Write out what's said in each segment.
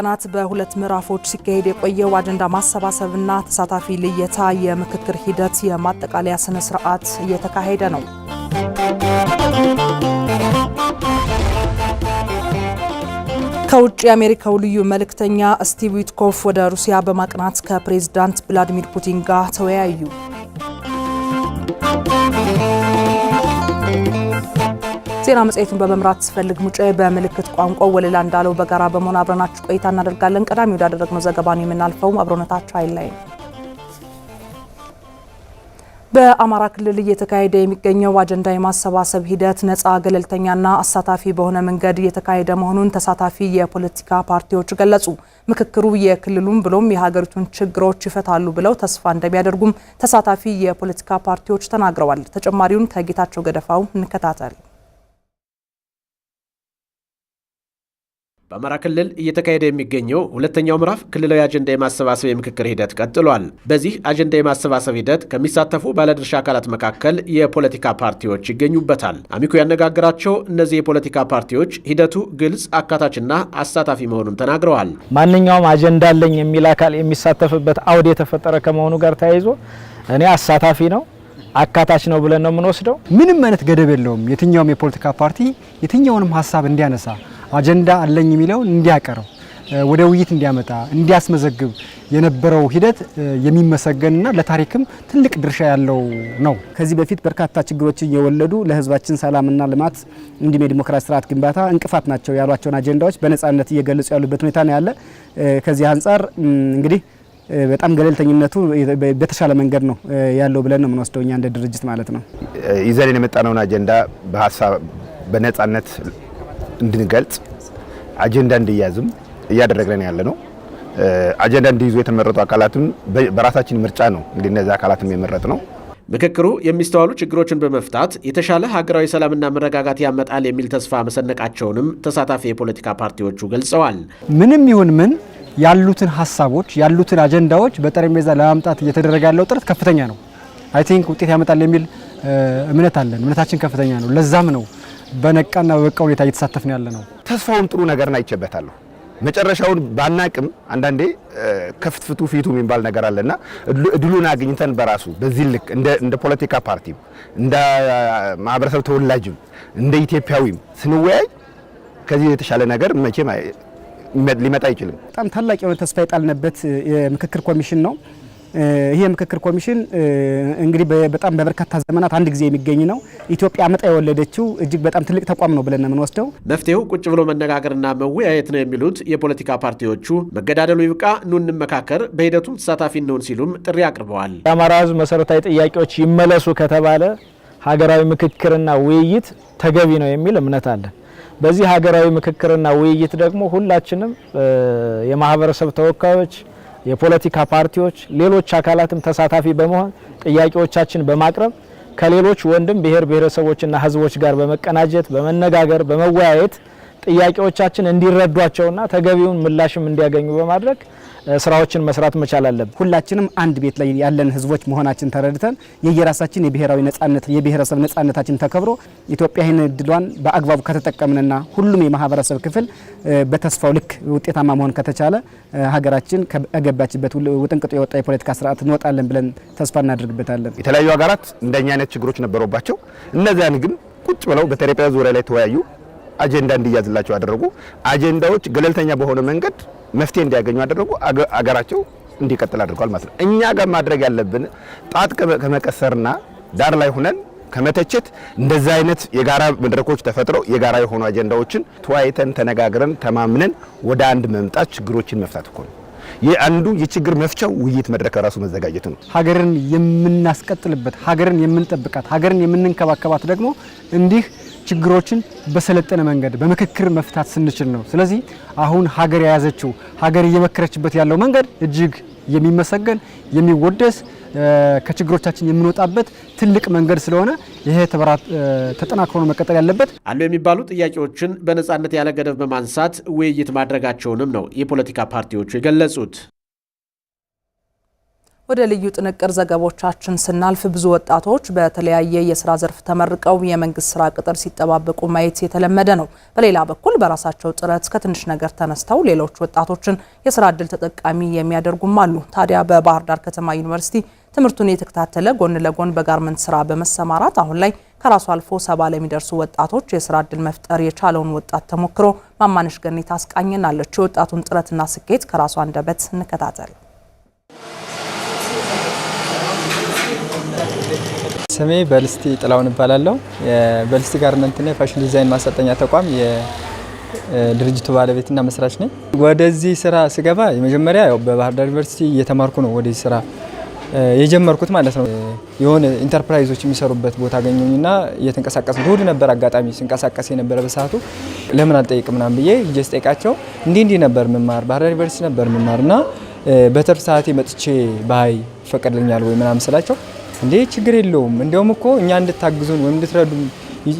ቀናት በሁለት ምዕራፎች ሲካሄድ የቆየው አጀንዳ ማሰባሰብና ተሳታፊ ልየታ የምክክር ሂደት የማጠቃለያ ስነ ስርዓት እየተካሄደ ነው። ከውጭ የአሜሪካው ልዩ መልእክተኛ ስቲቭ ዊትኮፍ ወደ ሩሲያ በማቅናት ከፕሬዝዳንት ቭላዲሚር ፑቲን ጋር ተወያዩ። ዜና መጽሔቱን በመምራት ስፈልግ ሙጨ በምልክት ቋንቋው ወለላ እንዳለው በጋራ በመሆን አብረናችሁ ቆይታ እናደርጋለን። ቀዳሚ ወዳደረግነው ዘገባ ነው የምናልፈውም። አብሮነታቸው አይለይም። በአማራ ክልል እየተካሄደ የሚገኘው አጀንዳ የማሰባሰብ ሂደት ነጻ ገለልተኛና አሳታፊ በሆነ መንገድ እየተካሄደ መሆኑን ተሳታፊ የፖለቲካ ፓርቲዎች ገለጹ። ምክክሩ የክልሉን ብሎም የሀገሪቱን ችግሮች ይፈታሉ ብለው ተስፋ እንደሚያደርጉም ተሳታፊ የፖለቲካ ፓርቲዎች ተናግረዋል። ተጨማሪውን ከጌታቸው ገደፋው እንከታተል። በአማራ ክልል እየተካሄደ የሚገኘው ሁለተኛው ምዕራፍ ክልላዊ አጀንዳ የማሰባሰብ የምክክር ሂደት ቀጥሏል። በዚህ አጀንዳ የማሰባሰብ ሂደት ከሚሳተፉ ባለድርሻ አካላት መካከል የፖለቲካ ፓርቲዎች ይገኙበታል። አሚኮ ያነጋገራቸው እነዚህ የፖለቲካ ፓርቲዎች ሂደቱ ግልጽ፣ አካታችና አሳታፊ መሆኑን ተናግረዋል። ማንኛውም አጀንዳ አለኝ የሚል አካል የሚሳተፍበት አውድ የተፈጠረ ከመሆኑ ጋር ተያይዞ እኔ አሳታፊ ነው አካታች ነው ብለን ነው የምንወስደው። ምንም አይነት ገደብ የለውም። የትኛውም የፖለቲካ ፓርቲ የትኛውንም ሀሳብ እንዲያነሳ አጀንዳ አለኝ የሚለው እንዲያቀርብ ወደ ውይይት እንዲያመጣ እንዲያስመዘግብ የነበረው ሂደት የሚመሰገንና ለታሪክም ትልቅ ድርሻ ያለው ነው። ከዚህ በፊት በርካታ ችግሮችን የወለዱ ለሕዝባችን ሰላምና ልማት እንዲሁም የዲሞክራሲ ስርዓት ግንባታ እንቅፋት ናቸው ያሏቸውን አጀንዳዎች በነፃነት እየገለጹ ያሉበት ሁኔታ ነው ያለ። ከዚህ አንጻር እንግዲህ በጣም ገለልተኝነቱ በተሻለ መንገድ ነው ያለው ብለን ነው የምንወስደው እኛ እንደ ድርጅት ማለት ነው። ይዘን የመጣነውን አጀንዳ በሀሳብ በነፃነት እንድንገልጽ አጀንዳ እንድያዝም እያደረግን ያለ ነው። አጀንዳ እንዲይዙ የተመረጡ አካላትም በራሳችን ምርጫ ነው እንግዲህ እነዚህ አካላትም የመረጥ ነው። ምክክሩ የሚስተዋሉ ችግሮችን በመፍታት የተሻለ ሀገራዊ ሰላምና መረጋጋት ያመጣል የሚል ተስፋ መሰነቃቸውንም ተሳታፊ የፖለቲካ ፓርቲዎቹ ገልጸዋል። ምንም ይሁን ምን ያሉትን ሀሳቦች ያሉትን አጀንዳዎች በጠረጴዛ ለማምጣት እየተደረገ ያለው ጥረት ከፍተኛ ነው። አይ ቲንክ ውጤት ያመጣል የሚል እምነት አለን። እምነታችን ከፍተኛ ነው። ለዛም ነው በነቃና በበቃ ሁኔታ እየተሳተፍን ያለ ነው። ተስፋውም ጥሩ ነገርን አይቼበታለሁ። መጨረሻውን ባናቅም አንዳንዴ ከፍትፍቱ ፊቱ የሚባል ነገር አለና እድሉን አግኝተን በራሱ በዚህ ልክ እንደ ፖለቲካ ፓርቲም እንደ ማህበረሰብ ተወላጅም እንደ ኢትዮጵያዊም ስንወያይ ከዚህ የተሻለ ነገር መቼም ሊመጣ አይችልም። በጣም ታላቅ የሆነ ተስፋ የጣልንበት የምክክር ኮሚሽን ነው። ይህ የምክክር ኮሚሽን እንግዲህ በጣም በበርካታ ዘመናት አንድ ጊዜ የሚገኝ ነው። ኢትዮጵያ አምጣ የወለደችው እጅግ በጣም ትልቅ ተቋም ነው ብለን የምንወስደው። መፍትሄው ቁጭ ብሎ መነጋገርና መወያየት ነው የሚሉት የፖለቲካ ፓርቲዎቹ መገዳደሉ ይብቃ፣ ኑ እንመካከር፣ በሂደቱም ተሳታፊ እንሆን ሲሉም ጥሪ አቅርበዋል። የአማራ ሕዝብ መሰረታዊ ጥያቄዎች ይመለሱ ከተባለ ሀገራዊ ምክክርና ውይይት ተገቢ ነው የሚል እምነት አለን። በዚህ ሀገራዊ ምክክርና ውይይት ደግሞ ሁላችንም የማህበረሰብ ተወካዮች የፖለቲካ ፓርቲዎች፣ ሌሎች አካላትም ተሳታፊ በመሆን ጥያቄዎቻችን በማቅረብ ከሌሎች ወንድም ብሔር ብሔረሰቦችና ህዝቦች ጋር በመቀናጀት በመነጋገር በመወያየት ጥያቄዎቻችን እንዲረዷቸውና ተገቢውን ምላሽም እንዲያገኙ በማድረግ ስራዎችን መስራት መቻል አለብን። ሁላችንም አንድ ቤት ላይ ያለን ህዝቦች መሆናችን ተረድተን የየራሳችን የብሔራዊ ነጻነት የብሔረሰብ ነጻነታችን ተከብሮ ኢትዮጵያ ይህን እድሏን በአግባቡ ከተጠቀምንና ሁሉም የማህበረሰብ ክፍል በተስፋው ልክ ውጤታማ መሆን ከተቻለ ሀገራችን ከገባችበት ውጥንቅጡ የወጣ የፖለቲካ ስርዓት እንወጣለን ብለን ተስፋ እናደርግበታለን። የተለያዩ ሀገራት እንደኛ አይነት ችግሮች ነበሩባቸው። እነዚያን ግን ቁጭ ብለው በጠረጴዛ ዙሪያ ላይ ተወያዩ፣ አጀንዳ እንዲያዝላቸው አደረጉ። አጀንዳዎች ገለልተኛ በሆነ መንገድ መፍትሄ እንዲያገኙ አደረጉ። አገራቸው እንዲቀጥል አድርጓል ማለት ነው። እኛ ጋር ማድረግ ያለብን ጣት ከመቀሰርና ዳር ላይ ሆነን ከመተቸት እንደዚህ አይነት የጋራ መድረኮች ተፈጥረው የጋራ የሆኑ አጀንዳዎችን ተወያይተን ተነጋግረን ተማምነን ወደ አንድ መምጣት ችግሮችን መፍታት እኮ ነው። አንዱ የችግር መፍቻው ውይይት መድረክ ራሱ መዘጋጀት ነው። ሀገርን የምናስቀጥልበት፣ ሀገርን የምንጠብቃት፣ ሀገርን የምንንከባከባት ደግሞ እንዲህ ችግሮችን በሰለጠነ መንገድ በምክክር መፍታት ስንችል ነው። ስለዚህ አሁን ሀገር የያዘችው ሀገር እየመከረችበት ያለው መንገድ እጅግ የሚመሰገን የሚወደስ ከችግሮቻችን የምንወጣበት ትልቅ መንገድ ስለሆነ ይሄ ተጠናክሮ መቀጠል ያለበት አሉ የሚባሉ ጥያቄዎችን በነፃነት ያለ ገደብ በማንሳት ውይይት ማድረጋቸውንም ነው የፖለቲካ ፓርቲዎቹ የገለጹት። ወደ ልዩ ጥንቅር ዘገቦቻችን ስናልፍ ብዙ ወጣቶች በተለያየ የስራ ዘርፍ ተመርቀው የመንግስት ስራ ቅጥር ሲጠባበቁ ማየት የተለመደ ነው። በሌላ በኩል በራሳቸው ጥረት ከትንሽ ነገር ተነስተው ሌሎች ወጣቶችን የስራ እድል ተጠቃሚ የሚያደርጉም አሉ። ታዲያ በባህር ዳር ከተማ ዩኒቨርሲቲ ትምህርቱን የተከታተለ ጎን ለጎን በጋርመንት ስራ በመሰማራት አሁን ላይ ከራሱ አልፎ ሰባ ለሚደርሱ ወጣቶች የስራ እድል መፍጠር የቻለውን ወጣት ተሞክሮ ማማነሽ ገኔ ታስቃኝናለች። የወጣቱን ጥረትና ስኬት ከራሱ አንደበት እንከታተል። ስሜ በልስቲ ጥላውን እባላለሁ። በልስቲ ጋርመንትና የፋሽን ዲዛይን ማሰልጠኛ ተቋም የድርጅቱ ባለቤትና መስራች ነኝ። ወደዚህ ስራ ስገባ የመጀመሪያ ያው በባህር ዳር ዩኒቨርሲቲ እየተማርኩ ነው ወደዚህ ስራ የጀመርኩት ማለት ነው። የሆነ ኢንተርፕራይዞች የሚሰሩበት ቦታ አገኘኝና እየተንቀሳቀስ እሁድ ነበር አጋጣሚ ስንቀሳቀስ የነበረ በሰዓቱ ለምን አልጠይቅ ምናምን ብዬ እጀ ስጠይቃቸው እንዲህ እንዲህ ነበር ምማር ባህር ዳር ዩኒቨርሲቲ ነበር ምማር እና በትርፍ ሰዓቴ መጥቼ ባይ ፈቀድልኛል ወይ ምናምን ስላቸው እንዴ ችግር የለውም እንደውም እኮ እኛ እንድታግዙን ወይም እንድትረዱ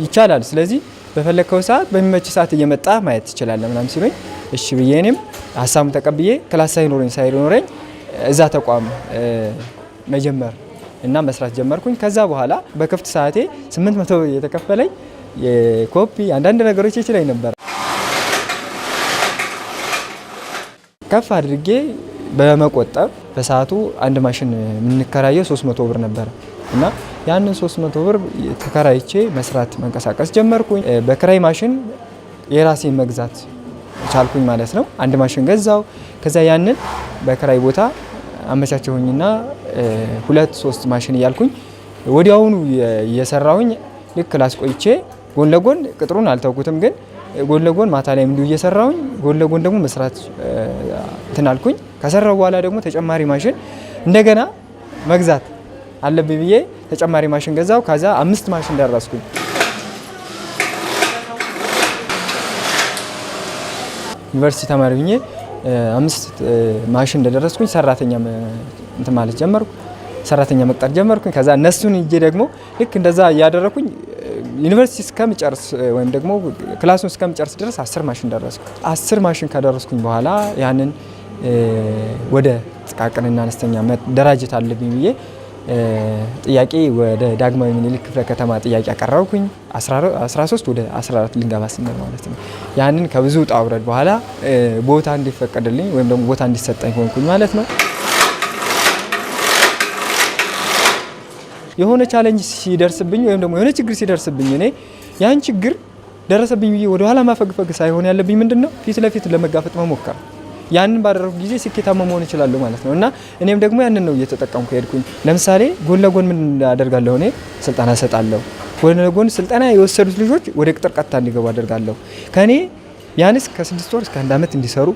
ይቻላል። ስለዚህ በፈለግከው ሰዓት በሚመች ሰዓት እየመጣ ማየት ትችላለህ ምናምን ሲሉኝ እሺ ብዬ እኔም ሀሳቡን ተቀብዬ ክላስ ሳይኖረኝ ሳይኖረኝ እዛ ተቋም መጀመር እና መስራት ጀመርኩኝ። ከዛ በኋላ በክፍት ሰዓቴ 800 የተከፈለኝ የኮፒ አንዳንድ ነገሮች ይችላል ነበር ከፍ አድርጌ በመቆጠብ በሰዓቱ አንድ ማሽን የምንከራየው 300 ብር ነበረ እና ያንን 300 ብር ተከራይቼ መስራት መንቀሳቀስ ጀመርኩኝ። በክራይ ማሽን የራሴን መግዛት ቻልኩኝ ማለት ነው። አንድ ማሽን ገዛው። ከዛ ያንን በክራይ ቦታ አመቻቸሁኝና ሁለት ሶስት ማሽን እያልኩኝ ወዲያውኑ የሰራሁኝ ልክ ላስቆይቼ ጎን ለጎን ቅጥሩን አልተውኩትም ግን ጎን ለጎን ማታ ላይ እንዲሁ እየሰራውኝ ጎን ለጎን ደግሞ መስራት እንትናልኩኝ ከሰራው በኋላ ደግሞ ተጨማሪ ማሽን እንደገና መግዛት አለብኝ ብዬ ተጨማሪ ማሽን ገዛው። ከዛ አምስት ማሽን ደረስኩኝ። ዩኒቨርሲቲ ተማሪ ብዬ አምስት ማሽን እንደደረስኩኝ ሰራተኛ እንትን ማለት ጀመርኩ። ሰራተኛ መቅጠር ጀመርኩኝ። ከዛ እነሱን እጄ ደግሞ ልክ እንደዛ እያደረኩኝ ዩኒቨርሲቲ እስከምጨርስ ወይም ደግሞ ክላሱን እስከምጨርስ ድረስ አስር ማሽን ደረስኩ። አስር ማሽን ከደረስኩኝ በኋላ ያንን ወደ ጥቃቅንና አነስተኛ መደራጀት አለብኝ ብዬ ጥያቄ ወደ ዳግማዊ ምኒልክ ክፍለ ከተማ ጥያቄ አቀረብኩኝ። 13 ወደ 14 ልንገባ ስንል ማለት ነው። ያንን ከብዙ ውጣ ውረድ በኋላ ቦታ እንዲፈቀድልኝ ወይም ደግሞ ቦታ እንዲሰጠኝ ሆንኩኝ ማለት ነው። የሆነ ቻሌንጅ ሲደርስብኝ ወይም ደግሞ የሆነ ችግር ሲደርስብኝ እኔ ያን ችግር ደረሰብኝ ብዬ ወደ ኋላ ማፈግፈግ ሳይሆን ያለብኝ ምንድን ነው ፊት ለፊት ለመጋፈጥ መሞከር። ያንን ባደረጉ ጊዜ ስኬታማ መሆን እችላለሁ ማለት ነው። እና እኔም ደግሞ ያንን ነው እየተጠቀምኩ ሄድኩኝ። ለምሳሌ ጎን ለጎን ምን አደርጋለሁ? እኔ ስልጠና እሰጣለሁ። ጎን ለጎን ስልጠና የወሰዱት ልጆች ወደ ቅጥር ቀጥታ እንዲገቡ አደርጋለሁ። ከእኔ ቢያንስ ከስድስት ወር እስከ አንድ ዓመት እንዲሰሩ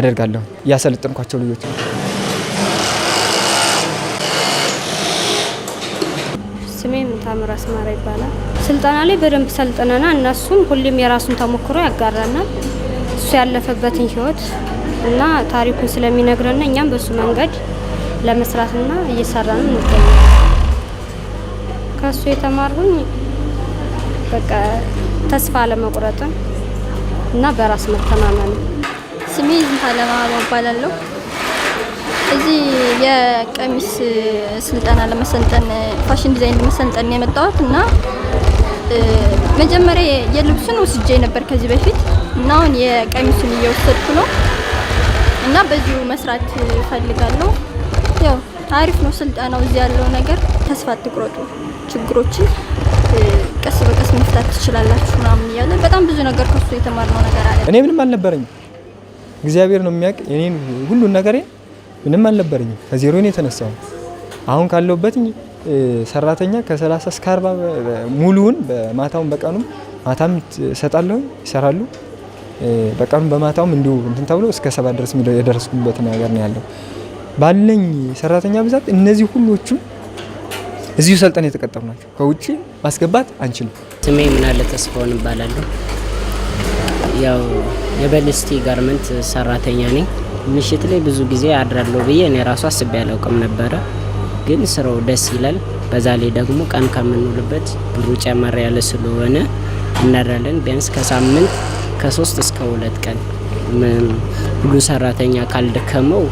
አደርጋለሁ ያሰለጠንኳቸው ልጆች ራስ ማራ ይባላል። ስልጠና ላይ በደንብ ሰልጥነና እነሱም ሁሌም የራሱን ተሞክሮ ያጋራናል። እሱ ያለፈበትን ህይወት እና ታሪኩን ስለሚነግረና እኛም በእሱ መንገድ ለመስራትና እየሰራን እንገኛለን። ከእሱ የተማርሁኝ በቃ ተስፋ አለመቁረጥን እና በራስ መተማመን። ስሜ ዝንታ ለማ እባላለሁ። እዚህ የቀሚስ ስልጠና ለመሰልጠን ፋሽን ዲዛይን ለመሰልጠን የመጣሁት እና መጀመሪያ የልብሱን ወስጄ ነበር ከዚህ በፊት እና አሁን የቀሚሱን እየወሰድኩ ነው እና በዚሁ መስራት ፈልጋለሁ። ያው አሪፍ ነው ስልጠናው። እዚህ ያለው ነገር ተስፋ አትቁረጡ፣ ችግሮችን ቀስ በቀስ መፍታት ትችላላችሁ ምናምን እያለ በጣም ብዙ ነገር ከሱ የተማርነው ነገር አለ። እኔ ምንም አልነበረኝ፣ እግዚአብሔር ነው የሚያውቅ የኔን ሁሉን ነገሬ ምንም አልነበረኝም። ከዜሮ ነው የተነሳው። አሁን ካለውበት ሰራተኛ ከ30 እስከ 40 ሙሉውን በማታውን በቀኑም ማታም እሰጣለሁ፣ ይሰራሉ። በቀኑም በማታውም እንዲሁ እንትን ተብሎ እስከ ሰባ ድረስ የደረስኩበት ነገር ነው ያለው። ባለኝ ሰራተኛ ብዛት እነዚህ ሁሎቹም እዚሁ ሰልጠን የተቀጠሩ ናቸው። ከውጭ ማስገባት አንችልም። ስሜ ምናለ ተስፋውን እባላለሁ። ያው የበልስቲ ጋርመንት ሰራተኛ ነኝ። ምሽት ላይ ብዙ ጊዜ አድራለሁ ብዬ እኔ ራሱ አስቤ ያለውቅም ነበረ። ግን ስራው ደስ ይላል። በዛ ላይ ደግሞ ቀን ከምንውልበት ብሩ ጨመር ያለ ስለሆነ እናድራለን። ቢያንስ ከሳምንት ከሶስት እስከ ሁለት ቀን ሁሉ ሰራተኛ ካልደከመው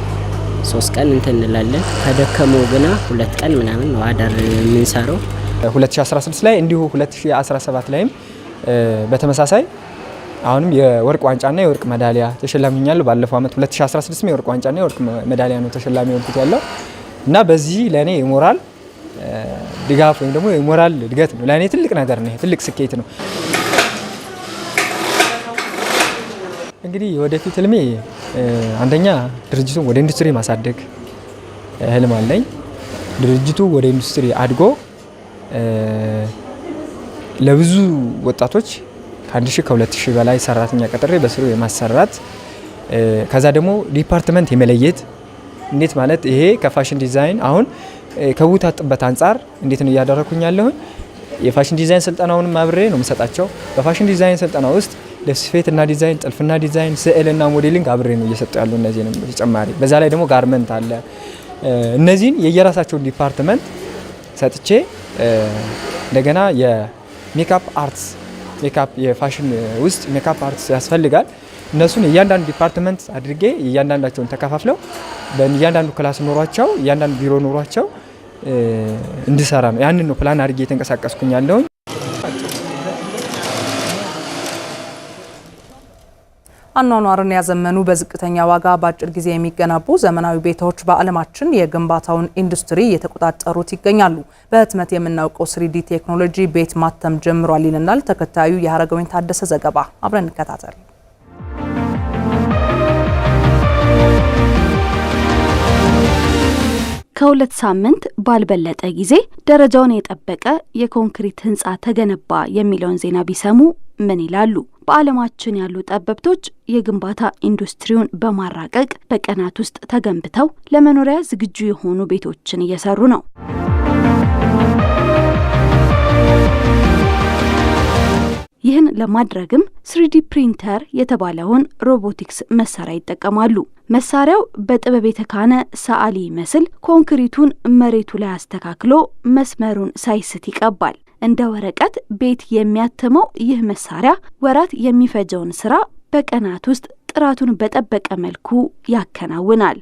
ሶስት ቀን እንትንላለን። ከደከመው ግና ሁለት ቀን ምናምን ነው አዳር የምንሰራው። 2016 ላይ እንዲሁ 2017 ላይም በተመሳሳይ አሁንም የወርቅ ዋንጫና የወርቅ መዳሊያ ተሸላሚኛለሁ። ባለፈው ዓመት 2016 የወርቅ ዋንጫና የወርቅ መዳሊያ ነው ተሸላሚ የሆንኩት ያለው እና በዚህ ለእኔ የሞራል ድጋፍ ወይም ደግሞ የሞራል እድገት ነው ለእኔ ትልቅ ነገር ነው፣ ትልቅ ስኬት ነው። እንግዲህ ወደፊት ህልሜ አንደኛ ድርጅቱን ወደ ኢንዱስትሪ ማሳደግ ህልም አለኝ። ድርጅቱ ወደ ኢንዱስትሪ አድጎ ለብዙ ወጣቶች ከአንድ ሺህ ከሁለት ሺህ በላይ ሰራተኛ ቀጥሬ በስሩ የማሰራት ከዛ ደግሞ ዲፓርትመንት የመለየት እንዴት ማለት ይሄ ከፋሽን ዲዛይን አሁን ከቡታጥበት አንጻር እንዴት ነው እያደረኩኝ ያለሁኝ የፋሽን ዲዛይን ስልጠናውንም አብሬ ነው የምሰጣቸው። በፋሽን ዲዛይን ስልጠና ውስጥ ልብስ ዲዛይን፣ ጥልፍና ዲዛይን፣ ስዕልና ሞዴሊንግ አብሬ ነው እየሰጡ ያሉ። ነው። ተጨማሪ በዛ ላይ ደግሞ ጋርመንት አለ። እነዚህን የየራሳቸውን ዲፓርትመንት ሰጥቼ እንደገና የሜካፕ አርትስ ሜካፕ የፋሽን ውስጥ ሜካፕ አርት ያስፈልጋል። እነሱን እያንዳንዱ ዲፓርትመንት አድርጌ እያንዳንዳቸውን ተከፋፍለው እያንዳንዱ ክላስ ኖሯቸው እያንዳንዱ ቢሮ ኖሯቸው እንድሰራ ነው። ያንን ነው ፕላን አድርጌ የተንቀሳቀስኩኝ ያለውኝ። አኗኗርን ያዘመኑ በዝቅተኛ ዋጋ በአጭር ጊዜ የሚገነቡ ዘመናዊ ቤቶች በዓለማችን የግንባታውን ኢንዱስትሪ እየተቆጣጠሩት ይገኛሉ። በህትመት የምናውቀው ስሪዲ ቴክኖሎጂ ቤት ማተም ጀምሯል ይልናል ተከታዩ የሀረገወይን ታደሰ ዘገባ። አብረን እንከታተል። ከሁለት ሳምንት ባልበለጠ ጊዜ ደረጃውን የጠበቀ የኮንክሪት ህንፃ ተገነባ የሚለውን ዜና ቢሰሙ ምን ይላሉ? በዓለማችን ያሉ ጠበብቶች የግንባታ ኢንዱስትሪውን በማራቀቅ በቀናት ውስጥ ተገንብተው ለመኖሪያ ዝግጁ የሆኑ ቤቶችን እየሰሩ ነው። ይህን ለማድረግም ስሪዲ ፕሪንተር የተባለውን ሮቦቲክስ መሳሪያ ይጠቀማሉ። መሳሪያው በጥበብ የተካነ ሰዓሊ ይመስል ኮንክሪቱን መሬቱ ላይ አስተካክሎ መስመሩን ሳይስት ይቀባል። እንደ ወረቀት ቤት የሚያትመው ይህ መሳሪያ ወራት የሚፈጀውን ስራ በቀናት ውስጥ ጥራቱን በጠበቀ መልኩ ያከናውናል።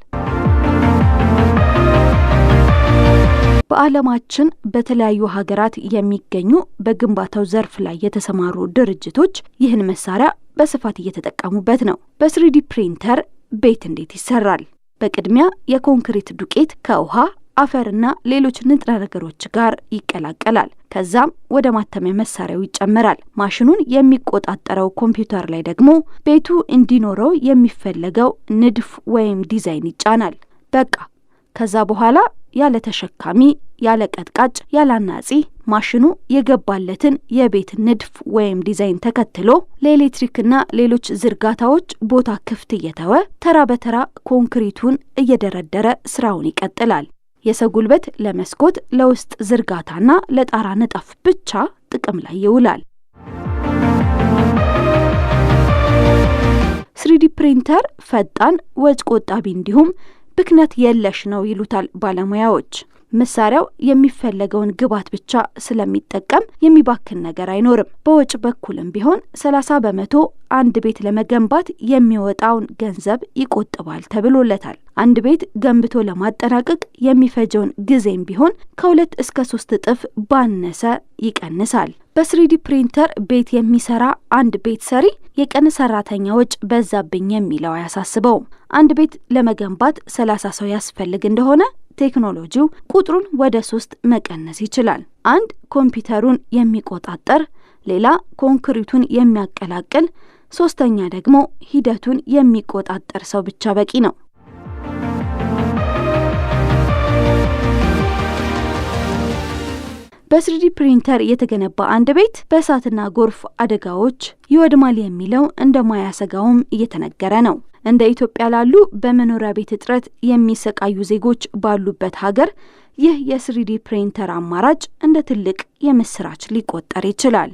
በዓለማችን በተለያዩ ሀገራት የሚገኙ በግንባታው ዘርፍ ላይ የተሰማሩ ድርጅቶች ይህን መሳሪያ በስፋት እየተጠቀሙበት ነው። በስሪዲ ፕሪንተር ቤት እንዴት ይሰራል? በቅድሚያ የኮንክሪት ዱቄት ከውሃ አፈርና ሌሎች ንጥረ ነገሮች ጋር ይቀላቀላል። ከዛም ወደ ማተሚያ መሳሪያው ይጨመራል። ማሽኑን የሚቆጣጠረው ኮምፒውተር ላይ ደግሞ ቤቱ እንዲኖረው የሚፈለገው ንድፍ ወይም ዲዛይን ይጫናል። በቃ ከዛ በኋላ ያለ ተሸካሚ፣ ያለ ቀጥቃጭ፣ ያለ አናጺ ማሽኑ የገባለትን የቤት ንድፍ ወይም ዲዛይን ተከትሎ ለኤሌክትሪክና ሌሎች ዝርጋታዎች ቦታ ክፍት እየተወ ተራ በተራ ኮንክሪቱን እየደረደረ ስራውን ይቀጥላል። የሰው ጉልበት ለመስኮት፣ ለውስጥ ዝርጋታና ለጣራ ንጣፍ ብቻ ጥቅም ላይ ይውላል። ስሪዲ ፕሪንተር ፈጣን፣ ወጭ ቆጣቢ እንዲሁም ብክነት የለሽ ነው ይሉታል ባለሙያዎች። መሳሪያው የሚፈለገውን ግብዓት ብቻ ስለሚጠቀም የሚባክን ነገር አይኖርም። በወጪ በኩልም ቢሆን 30 በመቶ አንድ ቤት ለመገንባት የሚወጣውን ገንዘብ ይቆጥባል ተብሎለታል። አንድ ቤት ገንብቶ ለማጠናቀቅ የሚፈጀውን ጊዜም ቢሆን ከሁለት እስከ ሶስት እጥፍ ባነሰ ይቀንሳል። በስሪዲ ፕሪንተር ቤት የሚሰራ አንድ ቤት ሰሪ የቀን ሰራተኛ ወጪ በዛብኝ የሚለው አያሳስበውም። አንድ ቤት ለመገንባት ሰላሳ ሰው ያስፈልግ እንደሆነ ቴክኖሎጂው ቁጥሩን ወደ ሶስት መቀነስ ይችላል። አንድ ኮምፒውተሩን የሚቆጣጠር፣ ሌላ ኮንክሪቱን የሚያቀላቅል፣ ሶስተኛ ደግሞ ሂደቱን የሚቆጣጠር ሰው ብቻ በቂ ነው። በስሪዲ ፕሪንተር የተገነባ አንድ ቤት በእሳትና ጎርፍ አደጋዎች ይወድማል የሚለው እንደማያሰጋውም እየተነገረ ነው። እንደ ኢትዮጵያ ላሉ በመኖሪያ ቤት እጥረት የሚሰቃዩ ዜጎች ባሉበት ሀገር ይህ የስሪዲ ፕሪንተር አማራጭ እንደ ትልቅ የምስራች ሊቆጠር ይችላል።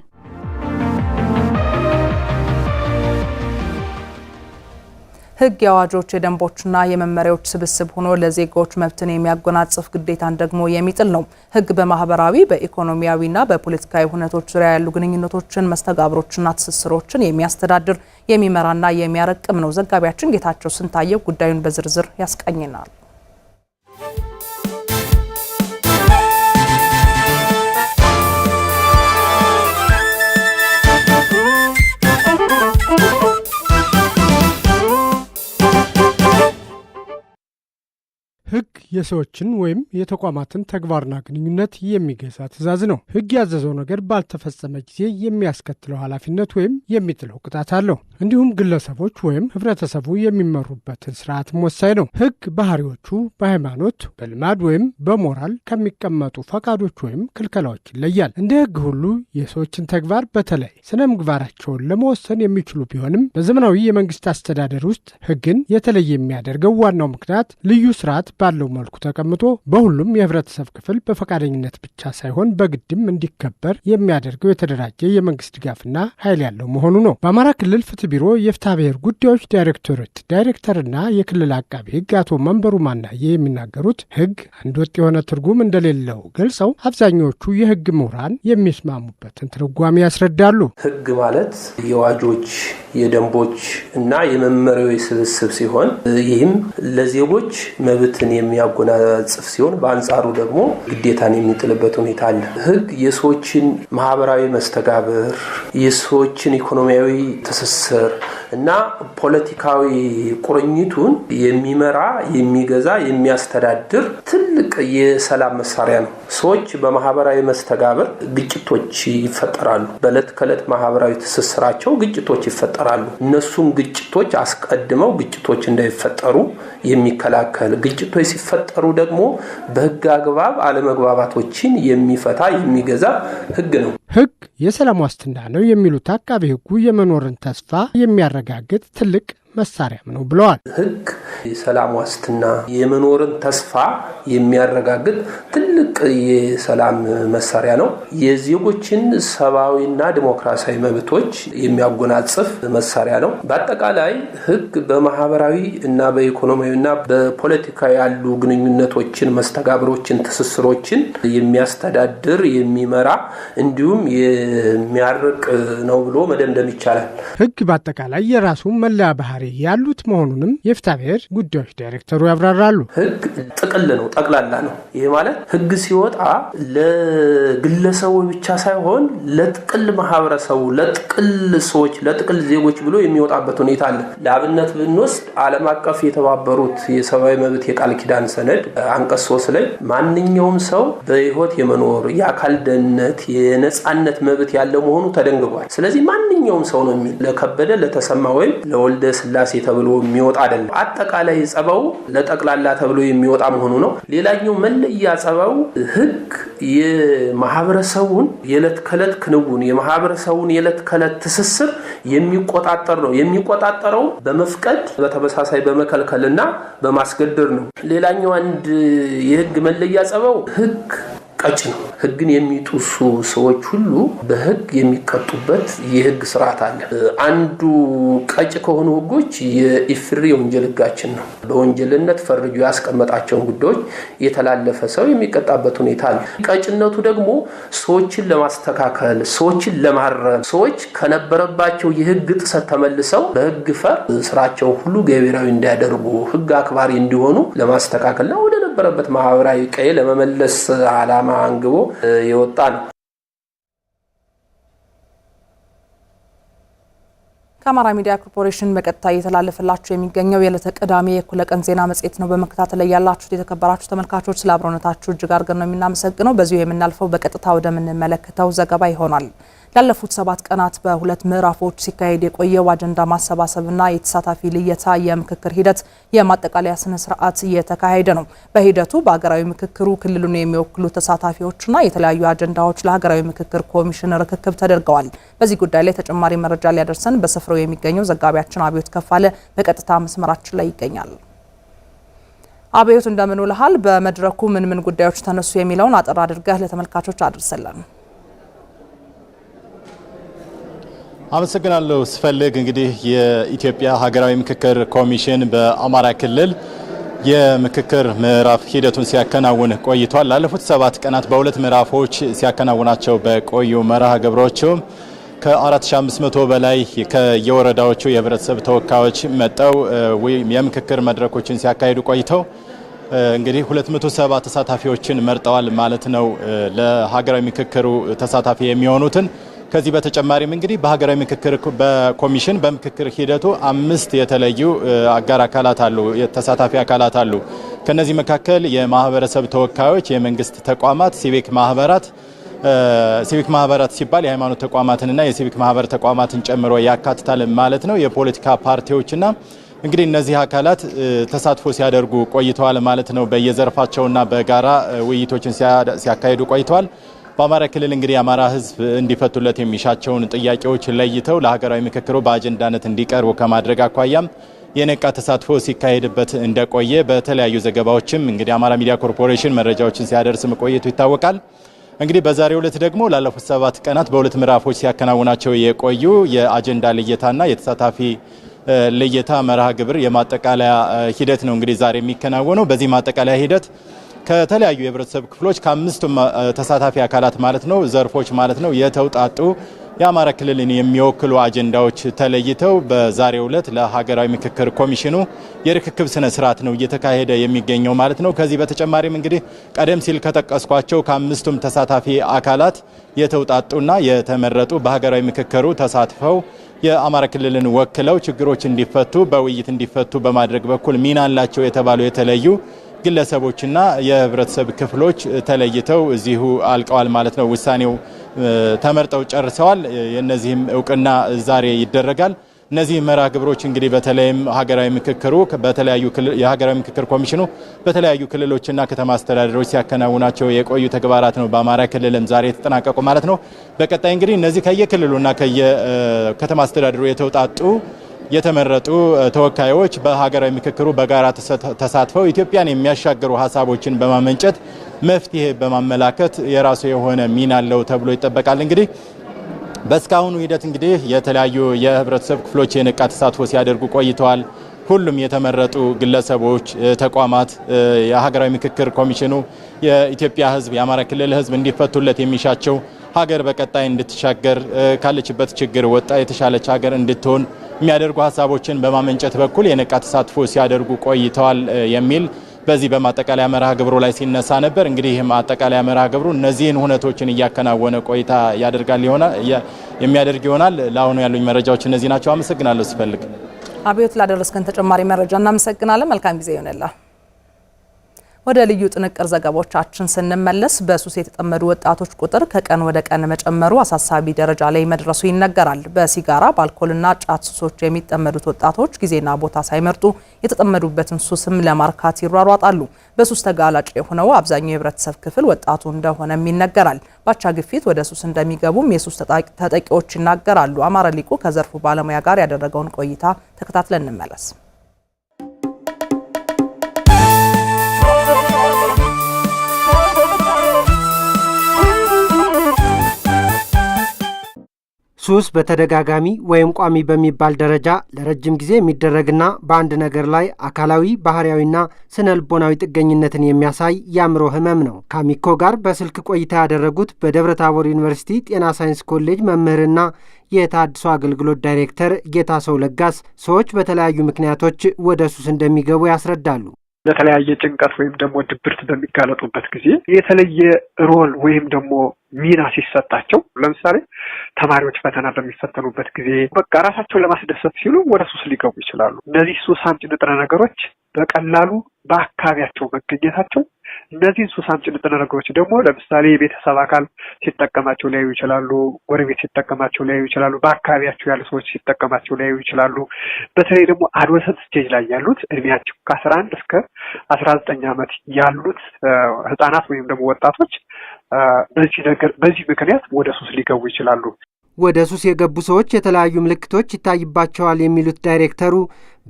ህግ የአዋጆች የደንቦችና የመመሪያዎች ስብስብ ሆኖ ለዜጎች መብትን የሚያጎናጽፍ ግዴታን ደግሞ የሚጥል ነው። ህግ በማህበራዊ በኢኮኖሚያዊና በፖለቲካዊ ሁነቶች ዙሪያ ያሉ ግንኙነቶችን፣ መስተጋብሮችና ትስስሮችን የሚያስተዳድር የሚመራና የሚያረቅም ነው። ዘጋቢያችን ጌታቸው ስንታየው ጉዳዩን በዝርዝር ያስቃኝናል። ሕግ የሰዎችን ወይም የተቋማትን ተግባርና ግንኙነት የሚገዛ ትዕዛዝ ነው። ሕግ ያዘዘው ነገር ባልተፈጸመ ጊዜ የሚያስከትለው ኃላፊነት ወይም የሚጥለው ቅጣት አለው። እንዲሁም ግለሰቦች ወይም ህብረተሰቡ የሚመሩበትን ስርዓትም ወሳኝ ነው። ሕግ ባህሪዎቹ በሃይማኖት በልማድ ወይም በሞራል ከሚቀመጡ ፈቃዶች ወይም ክልከላዎች ይለያል። እንደ ሕግ ሁሉ የሰዎችን ተግባር በተለይ ስነ ምግባራቸውን ለመወሰን የሚችሉ ቢሆንም በዘመናዊ የመንግስት አስተዳደር ውስጥ ሕግን የተለየ የሚያደርገው ዋናው ምክንያት ልዩ ስርዓት ባለው መልኩ ተቀምጦ በሁሉም የህብረተሰብ ክፍል በፈቃደኝነት ብቻ ሳይሆን በግድም እንዲከበር የሚያደርገው የተደራጀ የመንግስት ድጋፍና ኃይል ያለው መሆኑ ነው። በአማራ ክልል ፍትህ ቢሮ የፍትሐ ብሔር ጉዳዮች ዳይሬክቶሬት ዳይሬክተርና የክልል አቃቢ ህግ አቶ መንበሩ ማናዬ የሚናገሩት ህግ አንድ ወጥ የሆነ ትርጉም እንደሌለው ገልጸው አብዛኛዎቹ የህግ ምሁራን የሚስማሙበትን ትርጓሜ ያስረዳሉ። ህግ ማለት የዋጆች፣ የደንቦች እና የመመሪያዎች ስብስብ ሲሆን ይህም ለዜጎች መብት መብትን የሚያጎናጽፍ ሲሆን በአንጻሩ ደግሞ ግዴታን የሚጥልበት ሁኔታ አለ። ህግ የሰዎችን ማህበራዊ መስተጋብር፣ የሰዎችን ኢኮኖሚያዊ ትስስር እና ፖለቲካዊ ቁርኝቱን የሚመራ የሚገዛ የሚያስተዳድር ትልቅ የሰላም መሳሪያ ነው። ሰዎች በማህበራዊ መስተጋብር ግጭቶች ይፈጠራሉ። በለት ከዕለት ማህበራዊ ትስስራቸው ግጭቶች ይፈጠራሉ። እነሱም ግጭቶች አስቀድመው ግጭቶች እንዳይፈጠሩ የሚከላከል ግጭቶች ሲፈጠሩ ደግሞ በህግ አግባብ አለመግባባቶችን የሚፈታ የሚገዛ ህግ ነው። ሕግ የሰላም ዋስትና ነው የሚሉት አቃቤ ሕጉ የመኖርን ተስፋ የሚያረጋግጥ ትልቅ መሳሪያም ነው ብለዋል። ህግ የሰላም ዋስትና የመኖርን ተስፋ የሚያረጋግጥ ትልቅ የሰላም መሳሪያ ነው። የዜጎችን ሰብአዊና ዲሞክራሲያዊ መብቶች የሚያጎናጽፍ መሳሪያ ነው። በአጠቃላይ ህግ በማህበራዊ እና በኢኮኖሚያዊና በፖለቲካ ያሉ ግንኙነቶችን፣ መስተጋብሮችን፣ ትስስሮችን የሚያስተዳድር የሚመራ እንዲሁም የሚያርቅ ነው ብሎ መደምደም ይቻላል። ህግ በአጠቃላይ የራሱ መለያ ባህሪ ያሉት መሆኑንም የፍታ ብሔር ጉዳዮች ዳይሬክተሩ ያብራራሉ። ህግ ጥቅል ነው፣ ጠቅላላ ነው። ይህ ማለት ህግ ሲወጣ ለግለሰቡ ብቻ ሳይሆን ለጥቅል ማህበረሰቡ፣ ለጥቅል ሰዎች፣ ለጥቅል ዜጎች ብሎ የሚወጣበት ሁኔታ አለ። ለአብነት ብንወስድ ዓለም አቀፍ የተባበሩት የሰብአዊ መብት የቃል ኪዳን ሰነድ አንቀጽ ሶስት ላይ ማንኛውም ሰው በህይወት የመኖር የአካል ደህንነት፣ የነፃነት መብት ያለ መሆኑ ተደንግጓል። ስለዚህ ማንኛውም ሰው ነው የሚል ለከበደ ለተሰማ ወይም ለወልደ ስላ ለስላሴ ተብሎ የሚወጣ አይደለም። አጠቃላይ ጸበው ለጠቅላላ ተብሎ የሚወጣ መሆኑ ነው። ሌላኛው መለያ ጸበው ህግ የማህበረሰቡን የዕለት ከዕለት ክንውን የማህበረሰቡን የዕለት ከዕለት ትስስር የሚቆጣጠር ነው። የሚቆጣጠረው በመፍቀድ በተመሳሳይ በመከልከልና በማስገደር ነው። ሌላኛው አንድ የህግ መለያ ጸበው ህግ ቀጭ ነው። ህግን የሚጡሱ ሰዎች ሁሉ በህግ የሚቀጡበት የህግ ስርዓት አለ። አንዱ ቀጭ ከሆኑ ህጎች የኢፍሪ የወንጀል ህጋችን ነው። በወንጀልነት ፈርጆ ያስቀመጣቸውን ጉዳዮች የተላለፈ ሰው የሚቀጣበት ሁኔታ አለ። ቀጭነቱ ደግሞ ሰዎችን ለማስተካከል፣ ሰዎችን ለማረም፣ ሰዎች ከነበረባቸው የህግ ጥሰት ተመልሰው በህግ ፈር ስራቸው ሁሉ ገቢራዊ እንዲያደርጉ ህግ አክባሪ እንዲሆኑ ለማስተካከልና ወደ ነበረበት ማህበራዊ ቀይ ለመመለስ አላማ ዓላማ አንግቦ የወጣ ነው። ከአማራ ሚዲያ ኮርፖሬሽን በቀጥታ እየተላለፈላችሁ የሚገኘው የዕለተ ቅዳሜ የእኩለ ቀን ዜና መጽሔት ነው። በመከታተል ላይ ያላችሁት የተከበራችሁ ተመልካቾች ስለ አብሮነታችሁ እጅግ አድርገን ነው የምናመሰግነው። በዚሁ የምናልፈው በቀጥታ ወደምንመለከተው ዘገባ ይሆናል። ያለፉት ሰባት ቀናት በሁለት ምዕራፎች ሲካሄድ የቆየው አጀንዳ ማሰባሰብና የተሳታፊ ልየታ የምክክር ሂደት የማጠቃለያ ስነ ስርዓት እየተካሄደ ነው። በሂደቱ በሀገራዊ ምክክሩ ክልሉን የሚወክሉ ተሳታፊዎችና የተለያዩ አጀንዳዎች ለሀገራዊ ምክክር ኮሚሽን ርክክብ ተደርገዋል። በዚህ ጉዳይ ላይ ተጨማሪ መረጃ ሊያደርሰን በስፍራው የሚገኘው ዘጋቢያችን አብዮት ከፋለ በቀጥታ መስመራችን ላይ ይገኛል። አብዮት እንደምን ውለሃል? በመድረኩ ምን ምን ጉዳዮች ተነሱ የሚለውን አጠር አድርገህ ለተመልካቾች አድርሰለን። አመሰግናለሁ ስፈልግ እንግዲህ የኢትዮጵያ ሀገራዊ ምክክር ኮሚሽን በአማራ ክልል የምክክር ምዕራፍ ሂደቱን ሲያከናውን ቆይቷል። ላለፉት ሰባት ቀናት በሁለት ምዕራፎች ሲያከናውናቸው በቆዩ መርሃ ግብሮቹ ከ4500 በላይ ከየወረዳዎቹ የህብረተሰብ ተወካዮች መጠው የምክክር መድረኮችን ሲያካሂዱ ቆይተው እንግዲህ 270 ተሳታፊዎችን መርጠዋል ማለት ነው። ለሀገራዊ ምክክሩ ተሳታፊ የሚሆኑትን ከዚህ በተጨማሪም እንግዲህ በሀገራዊ ምክክር በኮሚሽን በምክክር ሂደቱ አምስት የተለዩ አጋር አካላት አሉ፣ ተሳታፊ አካላት አሉ። ከነዚህ መካከል የማህበረሰብ ተወካዮች፣ የመንግስት ተቋማት፣ ሲቪክ ማህበራት ሲቪክ ማህበራት ሲባል የሃይማኖት ተቋማትንና የሲቪክ ማህበር ተቋማትን ጨምሮ ያካትታል ማለት ነው። የፖለቲካ ፓርቲዎችና እንግዲህ እነዚህ አካላት ተሳትፎ ሲያደርጉ ቆይተዋል ማለት ነው። በየዘርፋቸውና በጋራ ውይይቶችን ሲያካሂዱ ቆይተዋል። በአማራ ክልል እንግዲህ የአማራ ህዝብ እንዲፈቱለት የሚሻቸውን ጥያቄዎች ለይተው ለሀገራዊ ምክክሩ በአጀንዳነት እንዲቀርቡ ከማድረግ አኳያም የነቃ ተሳትፎ ሲካሄድበት እንደቆየ በተለያዩ ዘገባዎችም እንግዲህ አማራ ሚዲያ ኮርፖሬሽን መረጃዎችን ሲያደርስ መቆየቱ ይታወቃል። እንግዲህ በዛሬው ዕለት ደግሞ ላለፉት ሰባት ቀናት በሁለት ምዕራፎች ሲያከናውናቸው የቆዩ የአጀንዳ ልየታና የተሳታፊ ልየታ መርሃ ግብር የማጠቃለያ ሂደት ነው እንግዲህ ዛሬ የሚከናወነው። በዚህ ማጠቃለያ ሂደት ከተለያዩ የህብረተሰብ ክፍሎች ከአምስቱም ተሳታፊ አካላት ማለት ነው ዘርፎች ማለት ነው የተውጣጡ የአማራ ክልልን የሚወክሉ አጀንዳዎች ተለይተው በዛሬው ዕለት ለሀገራዊ ምክክር ኮሚሽኑ የርክክብ ስነ ስርዓት ነው እየተካሄደ የሚገኘው ማለት ነው። ከዚህ በተጨማሪም እንግዲህ ቀደም ሲል ከጠቀስኳቸው ከአምስቱም ተሳታፊ አካላት የተውጣጡና የተመረጡ በሀገራዊ ምክክሩ ተሳትፈው የአማራ ክልልን ወክለው ችግሮች እንዲፈቱ በውይይት እንዲፈቱ በማድረግ በኩል ሚና አላቸው የተባሉ የተለዩ ግለሰቦችና የህብረተሰብ ክፍሎች ተለይተው እዚሁ አልቀዋል ማለት ነው። ውሳኔው ተመርጠው ጨርሰዋል። የእነዚህም እውቅና ዛሬ ይደረጋል። እነዚህ መርሃ ግብሮች እንግዲህ በተለይም ሀገራዊ ምክክሩ በተለያዩ የሀገራዊ ምክክር ኮሚሽኑ በተለያዩ ክልሎችና ከተማ አስተዳደሮች ሲያከናውናቸው የቆዩ ተግባራት ነው። በአማራ ክልልም ዛሬ የተጠናቀቁ ማለት ነው። በቀጣይ እንግዲህ እነዚህ ከየክልሉና ከየከተማ አስተዳደሩ የተውጣጡ የተመረጡ ተወካዮች በሀገራዊ ምክክሩ በጋራ ተሳትፈው ኢትዮጵያን የሚያሻግሩ ሀሳቦችን በማመንጨት መፍትሄ በማመላከት የራሱ የሆነ ሚና አለው ተብሎ ይጠበቃል። እንግዲህ በእስካሁኑ ሂደት እንግዲህ የተለያዩ የህብረተሰብ ክፍሎች የነቃ ተሳትፎ ሲያደርጉ ቆይተዋል። ሁሉም የተመረጡ ግለሰቦች፣ ተቋማት፣ የሀገራዊ ምክክር ኮሚሽኑ የኢትዮጵያ ህዝብ፣ የአማራ ክልል ህዝብ እንዲፈቱለት የሚሻቸው ሀገር በቀጣይ እንድትሻገር ካለችበት ችግር ወጣ የተሻለች ሀገር እንድትሆን የሚያደርጉ ሀሳቦችን በማመንጨት በኩል የነቃ ተሳትፎ ሲያደርጉ ቆይተዋል የሚል በዚህ በማጠቃለያ መርሃ ግብሩ ላይ ሲነሳ ነበር። እንግዲህ ይህ ማጠቃለያ መርሃ ግብሩ እነዚህን ሁነቶችን እያከናወነ ቆይታ ያደርጋል የሚያደርግ ይሆናል። ለአሁኑ ያሉኝ መረጃዎች እነዚህ ናቸው። አመሰግናለሁ። ሲፈልግ አብዮት ላደረስከን ተጨማሪ መረጃ እናመሰግናለን። መልካም ጊዜ ይሆነላ ወደ ልዩ ጥንቅር ዘገባዎቻችን ስንመለስ በሱስ የተጠመዱ ወጣቶች ቁጥር ከቀን ወደ ቀን መጨመሩ አሳሳቢ ደረጃ ላይ መድረሱ ይነገራል። በሲጋራ በአልኮልና ጫት ሱሶች የሚጠመዱት ወጣቶች ጊዜና ቦታ ሳይመርጡ የተጠመዱበትን ሱስም ለማርካት ይሯሯጣሉ። በሱስ ተጋላጭ የሆነው አብዛኛው የህብረተሰብ ክፍል ወጣቱ እንደሆነም ይነገራል። ባቻ ግፊት ወደ ሱስ እንደሚገቡም የሱስ ተጠቂዎች ይናገራሉ። አማረ ሊቁ ከዘርፉ ባለሙያ ጋር ያደረገውን ቆይታ ተከታትለን እንመለስ። ሱስ በተደጋጋሚ ወይም ቋሚ በሚባል ደረጃ ለረጅም ጊዜ የሚደረግና በአንድ ነገር ላይ አካላዊ ባህርያዊና ስነ ልቦናዊ ጥገኝነትን የሚያሳይ የአእምሮ ህመም ነው። ካሚኮ ጋር በስልክ ቆይታ ያደረጉት በደብረ ታቦር ዩኒቨርሲቲ ጤና ሳይንስ ኮሌጅ መምህርና የተሃድሶ አገልግሎት ዳይሬክተር ጌታ ሰው ለጋስ ሰዎች በተለያዩ ምክንያቶች ወደ ሱስ እንደሚገቡ ያስረዳሉ። ለተለያየ ጭንቀት ወይም ደግሞ ድብርት በሚጋለጡበት ጊዜ የተለየ ሮል ወይም ደግሞ ሚና ሲሰጣቸው፣ ለምሳሌ ተማሪዎች ፈተና በሚፈተኑበት ጊዜ በቃ ራሳቸውን ለማስደሰት ሲሉ ወደ ሱስ ሊገቡ ይችላሉ። እነዚህ ሱስ አምጪ ንጥረ ነገሮች በቀላሉ በአካባቢያቸው መገኘታቸው እነዚህን ሱስ አምጪ ንጥረ ነገሮች ደግሞ ለምሳሌ የቤተሰብ አካል ሲጠቀማቸው ሊያዩ ይችላሉ። ጎረቤት ሲጠቀማቸው ሊያዩ ይችላሉ። በአካባቢያቸው ያሉ ሰዎች ሲጠቀማቸው ሊያዩ ይችላሉ። በተለይ ደግሞ አድወሰንት ስቴጅ ላይ ያሉት እድሜያቸው ከአስራ አንድ እስከ አስራ ዘጠኝ ዓመት ያሉት ህጻናት ወይም ደግሞ ወጣቶች በዚህ ነገር በዚህ ምክንያት ወደ ሱስ ሊገቡ ይችላሉ። ወደ ሱስ የገቡ ሰዎች የተለያዩ ምልክቶች ይታይባቸዋል የሚሉት ዳይሬክተሩ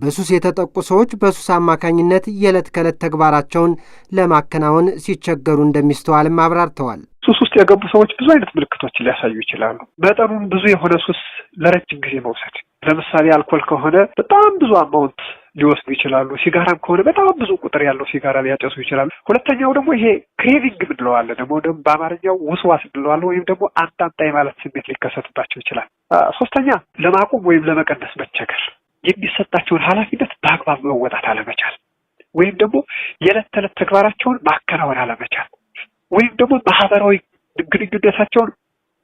በሱስ የተጠቁ ሰዎች በሱስ አማካኝነት የዕለት ከዕለት ተግባራቸውን ለማከናወን ሲቸገሩ እንደሚስተዋልም አብራርተዋል። ሱስ ውስጥ የገቡ ሰዎች ብዙ አይነት ምልክቶችን ሊያሳዩ ይችላሉ። መጠኑን ብዙ የሆነ ሱስ ለረጅም ጊዜ መውሰድ ለምሳሌ አልኮል ከሆነ በጣም ብዙ አማውንት ሊወስዱ ይችላሉ። ሲጋራም ከሆነ በጣም ብዙ ቁጥር ያለው ሲጋራ ሊያጨሱ ይችላሉ። ሁለተኛው ደግሞ ይሄ ክሬቪንግ ምንለዋለ ደግሞ ደግሞ በአማርኛው ውስዋስ ምንለዋለ ወይም ደግሞ አንጣንጣ የማለት ስሜት ሊከሰትባቸው ይችላል። ሶስተኛ ለማቆም ወይም ለመቀነስ መቸገር፣ የሚሰጣቸውን ኃላፊነት በአግባብ መወጣት አለመቻል ወይም ደግሞ የዕለት ተዕለት ተግባራቸውን ማከናወን አለመቻል ወይም ደግሞ ማህበራዊ ግንኙነታቸውን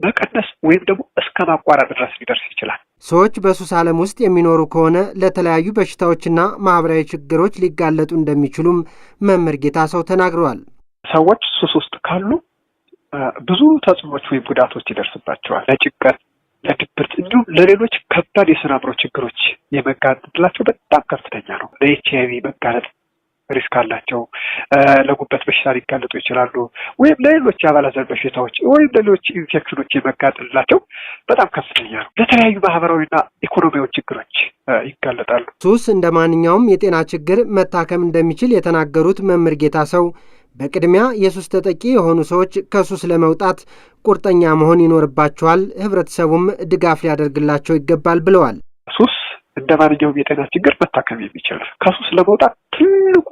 መቀነስ ወይም ደግሞ እስከ ማቋረጥ ድረስ ሊደርስ ይችላል። ሰዎች በሱስ ዓለም ውስጥ የሚኖሩ ከሆነ ለተለያዩ በሽታዎችና ማህበራዊ ችግሮች ሊጋለጡ እንደሚችሉም መምህር ጌታ ሰው ተናግረዋል። ሰዎች ሱስ ውስጥ ካሉ ብዙ ተጽዕኖች ወይም ጉዳቶች ይደርስባቸዋል። ለጭቀት፣ ለድብርት እንዲሁም ለሌሎች ከባድ የስነ አእምሮ ችግሮች የመጋለጥ በጣም ከፍተኛ ነው። ለኤች አይ ቪ መጋለጥ ሪስክ አላቸው። ለጉበት በሽታ ሊጋለጡ ይችላሉ፣ ወይም ለሌሎች የአባላዘር በሽታዎች ወይም ለሌሎች ኢንፌክሽኖች የመጋለጥላቸው በጣም ከፍተኛ ነው። ለተለያዩ ማህበራዊና ኢኮኖሚያዊ ችግሮች ይጋለጣሉ። ሱስ እንደ ማንኛውም የጤና ችግር መታከም እንደሚችል የተናገሩት መምህር ጌታ ሰው በቅድሚያ የሱስ ተጠቂ የሆኑ ሰዎች ከሱስ ለመውጣት ቁርጠኛ መሆን ይኖርባቸዋል፣ ህብረተሰቡም ድጋፍ ሊያደርግላቸው ይገባል ብለዋል። ሱስ እንደ ማንኛውም የጤና ችግር መታከም የሚችል ከሱስ ለመውጣት ትልቁ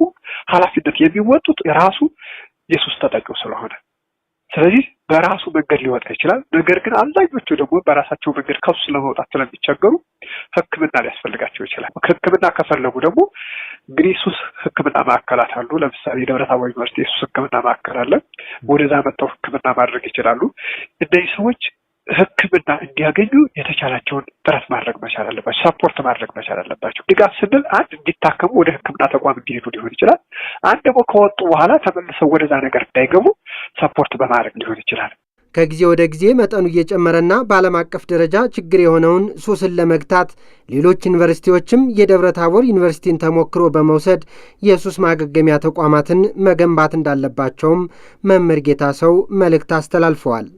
ኃላፊነት የሚወጡት ራሱ የሱስ ተጠቂው ስለሆነ ስለዚህ በራሱ መንገድ ሊወጣ ይችላል። ነገር ግን አብዛኞቹ ደግሞ በራሳቸው መንገድ ከሱስ ለመውጣት ስለሚቸገሩ ህክምና ሊያስፈልጋቸው ይችላል። ህክምና ከፈለጉ ደግሞ እንግዲህ ሱስ ህክምና ማዕከላት አሉ። ለምሳሌ የደብረ ታቦር ዩኒቨርሲቲ የሱስ ህክምና ማዕከል አለ። ወደዛ መጥተው ህክምና ማድረግ ይችላሉ። እነዚህ ሰዎች ህክምና እንዲያገኙ የተቻላቸውን ጥረት ማድረግ መቻል አለባቸው። ሰፖርት ማድረግ መቻል አለባቸው። ድጋፍ ስንል አንድ እንዲታከሙ ወደ ህክምና ተቋም እንዲሄዱ ሊሆን ይችላል። አንድ ደግሞ ከወጡ በኋላ ተመልሰው ወደዛ ነገር እንዳይገቡ ሰፖርት በማድረግ ሊሆን ይችላል። ከጊዜ ወደ ጊዜ መጠኑ እየጨመረና በዓለም አቀፍ ደረጃ ችግር የሆነውን ሱስን ለመግታት ሌሎች ዩኒቨርሲቲዎችም የደብረ ታቦር ዩኒቨርሲቲን ተሞክሮ በመውሰድ የሱስ ማገገሚያ ተቋማትን መገንባት እንዳለባቸውም መምህር ጌታ ሰው መልእክት አስተላልፈዋል።